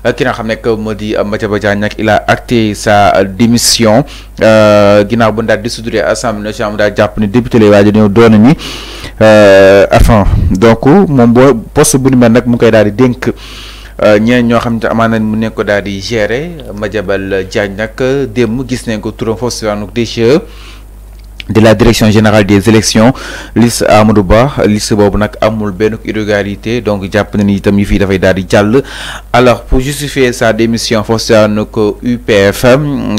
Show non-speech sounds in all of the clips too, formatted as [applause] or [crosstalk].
ki nga xam nekk moo di Madiambal Diagne nag il a acté sa démission euh, ginnaaw bu ndaat di dissoudre assemblée nationale mu daal jàpp ni député lay waajo ñëw doona ni euh, afin donc moom boo post bu ni mel nag mu koy daal di dénk euh, ñeen ñoo xam ne amaan nañ mu nekk daal di gérer Madiambal Diagne nag démb gis nañ ko turam foofu si de la direction générale des élections liste Amadou Ba liste bobu nak amul irrégularité donc japp na itam yi alors pour justifier sa démission forcéan notre UPF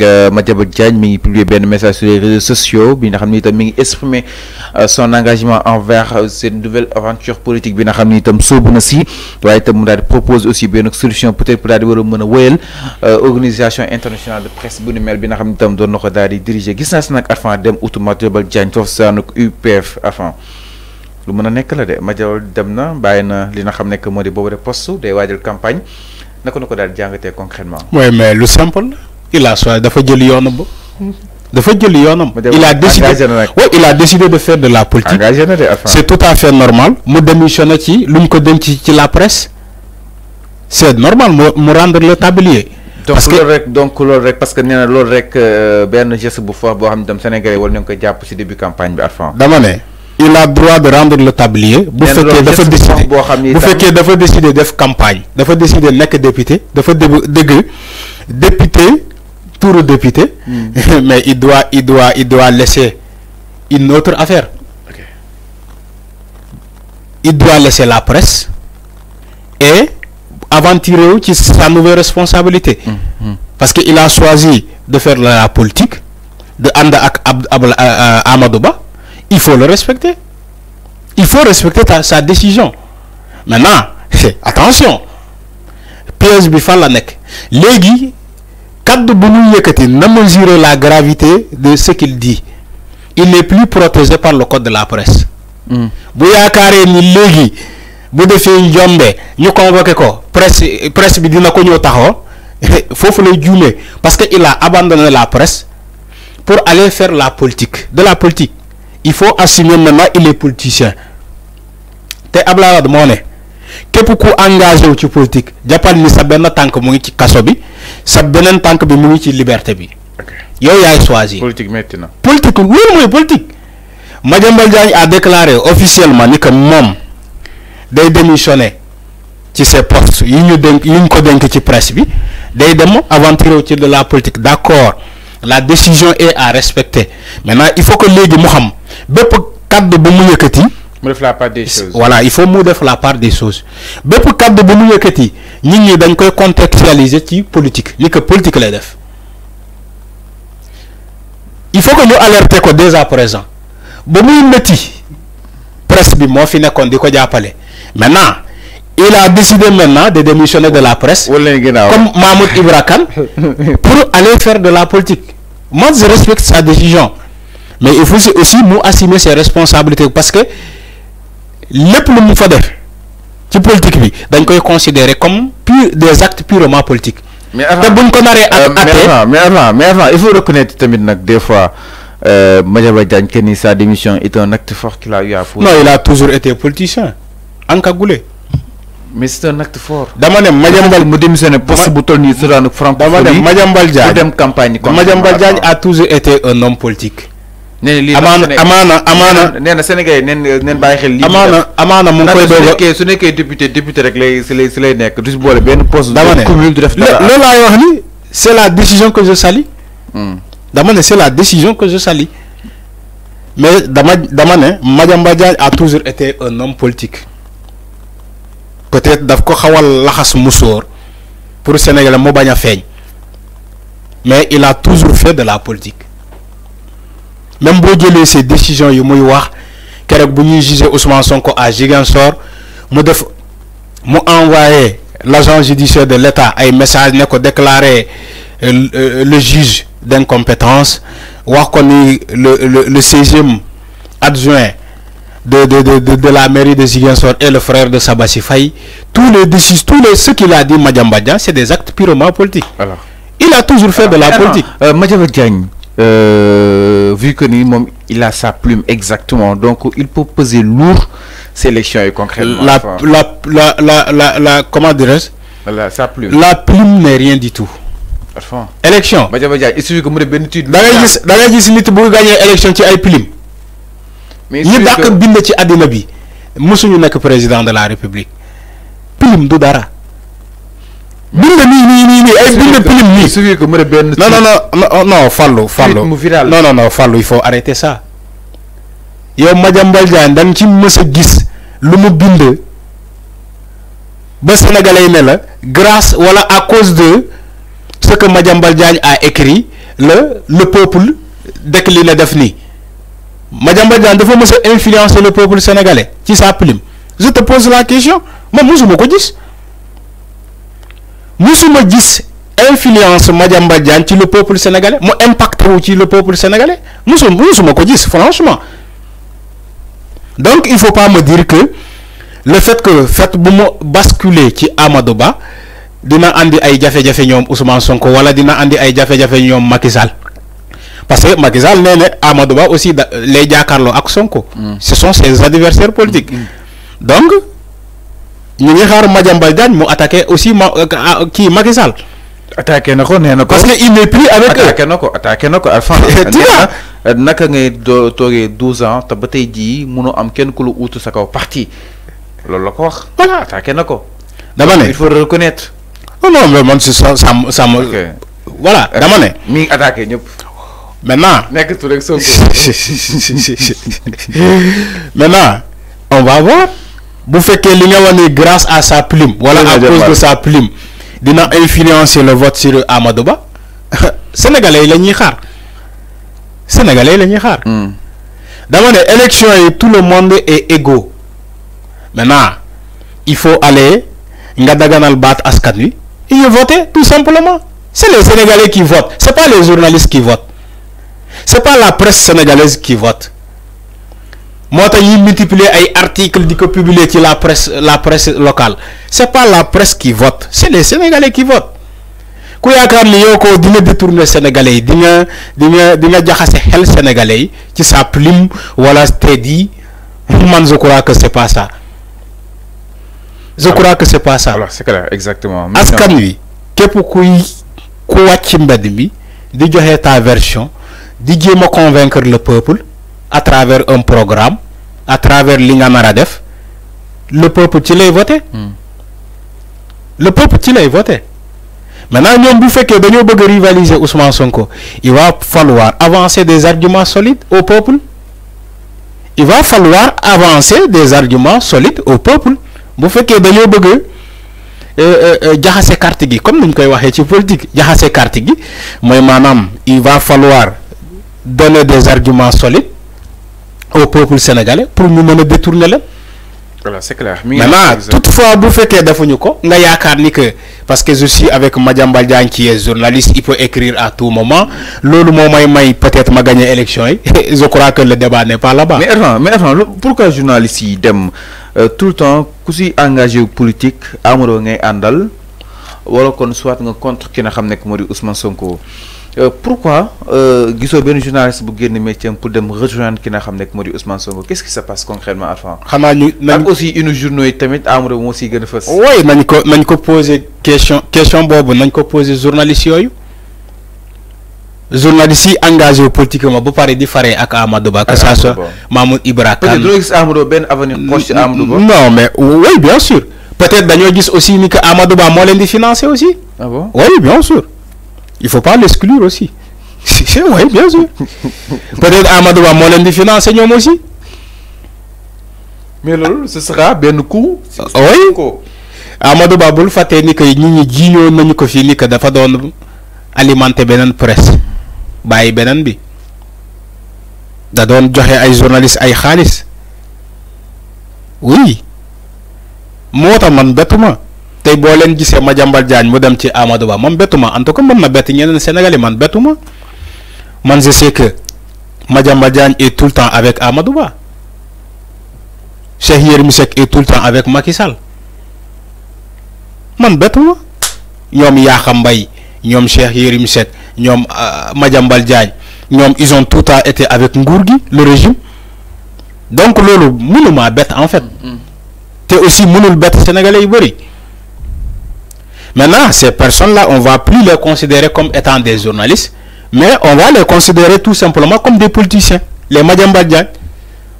euh, Madiambal Diagne mi ngi publier un message sur les réseaux sociaux bi nga xamni itam mi ngi exprimer euh, son engagement envers euh, cette nouvelle aventure politique bi nga xamni itam sobu na si waye itam mu propose aussi une solution peut-être pour daal di war organisation internationale de presse bu ni mel bi nga xamni itam do na ko diriger gis naa si nag Deubal Diagne cosaanuk UPF afan lu meuna nek la de Madior dem na bayina li n'a xam nekk moo di de poste de waajal campagne naka na dal jangate concrètement. oui mais le simple il a soit dafa jël yoonam ba. dafa jël yoonam. il a décidé oui il a décidé de faire de la politique. c'est tout à fait normal. mu démissionner ci lu ko denc ci la presse. c'est normal mu rendre le tablier parce que donc donc parce que euh, Sénégalais campagne il a droit de rendre le tablier. décider décider campagne. décider député Il député député. Hmm. [laughs] mais il doit il doit il doit laisser une autre affaire. il doit laisser la presse et aventuré tirer sa nouvelle responsabilité. Mm, mm. parce qu'il a choisi de faire la politique de ànd euh, euh, il faut le respecter il faut respecter sa décision maintenant [laughs] attention PSB bi Legi, la kaddu bu ñuy na la gravité de ce qu'il dit il n'est plus protégé par le code de la presse. Mm. ni bu defee njombe ñu convoqué ko presse presse bi dina ko ñëw taxo [laughs] fofu lay juumee parce que il a abandonné la presse pour aller faire la politique de la politique il faut assumer maintenant il est politicien té Abdoulaye mo né képp ku engagé wu ci politique jàppal ni sa benn tànk mu ngi ci kaso bi sa beneen tànk bi mu ngi ci liberté bi yow yaay choisir. politique maintenant na. politique oui, mooy politique Madame Diagne a déclaré officiellement ni que moom day démissionné ci ses postes yi ñu dénk yi ñu ko dénk ci presse bi day dem aventurer ci de la politique d'accord la décision est à respecter maintenant il faut que légui mu xam bépp cadre bu mu yëkëti mu def la part des choses voilà il faut mu def la part des choses bépp cadre bu mu yëkëti nit ñi dañ koy contextualiser ci politique ni que politique lay def il faut que ñu alerter ko dès à présent ba muy metti presse bi moo fi nekkoon di ko jàppale. Maintenant, il a décidé maintenant de démissionner de la presse, comme Mahmoud Ibrakan, [laughs] pour aller faire de la politique. Moi, je respecte sa décision. Mais il faut aussi nous assumer ses responsabilités. Parce que le plus nous ci politique bi est koy comme des actes purement politiques. Euh, mais avant mais avant il faut reconnaître que des fois euh, Madiambal Diagne sa démission est un acte fort qu'il a eu à foutre. non il a toujours été politicien encagoulé. mais c'est un acte fort. dama ne Madiambal mu démissionné poste bu toll nii Soudan ak francophonie dama ne Madiambal Diagne dem campagne. Madiambal Diagne a toujours été un homme politique. nee lii amaana amaana amaana. nee na Sénégal yi neen neen bàyyi xel lii. Amana, amaana mu koy doog a su nekkee député député rek lay si lay si lay nekk du si boole poste. dama commune du def dara loolu wax ni c'est la décision que je salue. Hmm. dama ne c'est la décision que je salue. mais dama dama ne Madiambal Diagne a toujours été un homme politique peut-être daf ko pour sénégalais mo pour mais il a toujours fait de la politique même je jëlé ses décisions yu wax bu juger Ousmane Sonko à Gigansor def envoyé l'agent judiciaire de l'État ay message ne ko déclarer euh, euh, le juge d'incompétence le le le adjoint de, de, de, de, la mairie de Ziguinchor et le frère de Sabassi Faye, tous les tous les, ce qu'il a dit Madjambadjan, c'est des actes purement politiques. Alors. Il a toujours fait Alors, de la politique. Euh, Madjambadjan, euh, vu que mom, il a sa plume exactement, donc il peut peser lourd ces élections concrètement. La, enfin. la, la, la, la, comment dirais-je La plume. La plume n'est rien du tout. Élection. Madjambadjan, il suffit que vous avez une étude. Dans la liste, vous gagner l'élection qui a plume bindé ci bi mësuñu président de la république pilim du dara. que non non non non non non non non non non il faut arrêter ça. yow non non ci non gis non non sénégalais non la grâce wala à cause de ce que madame non a écrit le le peuple décliné def non Madame Badian, dafa vous influencer le peuple sénégalais qui sa je te pose la question ne musuma ko pas, musuma dis influence Madjamba Diagne sur le peuple sénégalais mu impacté sur le peuple sénégalais nous musuma ko dis franchement donc il ne faut pas me dire que le fait que fait bascule qui basculer ci Amadouba, Ba dina andi ay jafe-jafe ñoom Ousmane Sonko wala dina andi ay jafe-jafe ñoom Parce que Macky Sall nene Amadouba aussi les Diakarlo ak Sonko. Mm. Ce sont ses adversaires politiques. Mm. Donc ñu ngi xaar Madiambal Diagne mu attaqué aussi ma euh, euh, kii Macky Sall. attaqué na ko nee na ko parce que il n'est plus avec eux. attaqué na ko attaqué na ko Alphane. [laughs] nee na naka ngay do toogee douze ans te ba tey jii am kenn ku la uutu sa kaw parti loolu la ko wax. voilà attaqué na dama ne il faut reconnaître. non non man si sa sa voilà dama ne. mi ngi attaqué Maintenant. [laughs] Maintenant, on va voir. Vous faites que l'Union grâce à sa plume. Voilà, à cause de sa plume. Il a le vote sur Amadouba. [laughs] Sénégalais, il a Les Sénégalais, il hmm. a Nihar. Dans l'élection, tout le monde est égaux. Maintenant, il faut aller. Ngadaganal bat Il voter, tout simplement. C'est les Sénégalais qui votent. n'est pas les journalistes qui votent c'est pas la presse sénégalaise qui vote Moi, j'ai multiplié multiplier articles que j'ai publiés ci la presse la presse locale c'est pas la presse qui vote c'est les sénégalais qui votent Quand yaakaar ni que ko di sénégalais yi di nga di nga di sénégalais qui ci sa plume wala je crois que c'est pas ça je crois que c'est pas ça. alors c'est clair exactement. askan wi képp kuy qui wàcc mbedd mi ta version. Didier m'a convaincu convaincre le peuple à travers un programme à travers l'Inganaradef le peuple tu l'as voté hmm. le peuple tu l'as voté maintenant nous bu que dañoo rivaliser Ousmane Sonko il va falloir avancer des arguments solides au peuple il va falloir avancer des arguments solides au peuple bu fekkee dañoo bëgg les euh, euh, euh, carte gi comme nous koy politique il va falloir donner des arguments solides au peuple sénégalais pour nous mener détourner voilà c'est clair. maintenant toutefois vous faites defuñu ko nga ni que parce que je suis avec madame Baldian qui est journaliste il peut écrire à tout moment l'autre moment, may peut-être ma gagner élection [laughs] je crois que le débat n'est pas là-bas. mais non, mais attends pourquoi journaliste yi dem euh, tout le temps aussi si engagé politique amuloo ngay andal, wala kon soit nga contre qui n'a xam ne Ousmane Sonko. Euh, pourquoi euh, gisoo benn journaliste bu génn métier pour dem rejoindre ki nga xam nekk moo di Ousmane Sonko qu'est-ce qui se passe concrètement Alpha. xanaa ñu nañ aussi une journaux yi tamit Amadou moo siy gën a fës. oui nañ ko nañ ko poser question question boobu nañ ko poser journaliste yooyu journaliste engagé politiquement ba parler di faree ak Amadou Ba. que ça soit Mahmoud Ibra peut-être doo gis Amadou benn avenir proche ci Amadou Ba. non mais oui bien sûr peut-être dañoo gis aussi ni que Amadou Ba moo leen di financer aussi. ah bon oui bien sûr il faut pas l'exclure aussi. [laughs] oui, bien sûr. Peut-être Amadou va m'en di financer nous aussi. mais ce sera bien coup. Ah, oui Amadou que ñi ñi que dafa alimenter presse by bi da ay journaliste oui Moi, man tey boo gisse gisee Madiambal Diagne mu dem ci Amadou Ba moom bettuma en tout cas mën ñeneen Sénégalais man betuma man je sais que Madiambal Diagne est tout le temps avec Amadou Ba Cheikh Yérim est tout le temps avec Macky Sall man bettuma ñoom Yakham Mbaye ñom Cheikh Yérim Seck ñoom euh, Madiambal Diagne ils ont tout le temps été avec ngourgui le régime donc loolu mënuma bet en fait mm-hmm. te aussi mënul bet sénégalais yu Maintenant, ces personnes-là, on ne va plus les considérer comme étant des journalistes, mais on va les considérer tout simplement comme des politiciens, les Madjambadjan.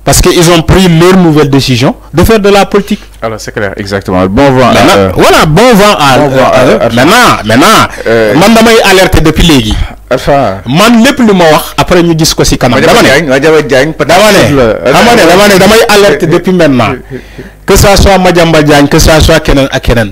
Parce qu'ils ont pris leur nouvelle décision de faire de la politique. Alors, c'est clair, exactement. Bon vent à, euh, Voilà, bon vent à, bon euh, Maintenant, maintenant, euh, alerte depuis les man lepp lu ma wax après ñu gis ko ci kanam dama ne euh, dama ne dama damay alerte depuis maintenant [laughs] que ça soit Madiambal Diagne que ça soit keneen ak keneen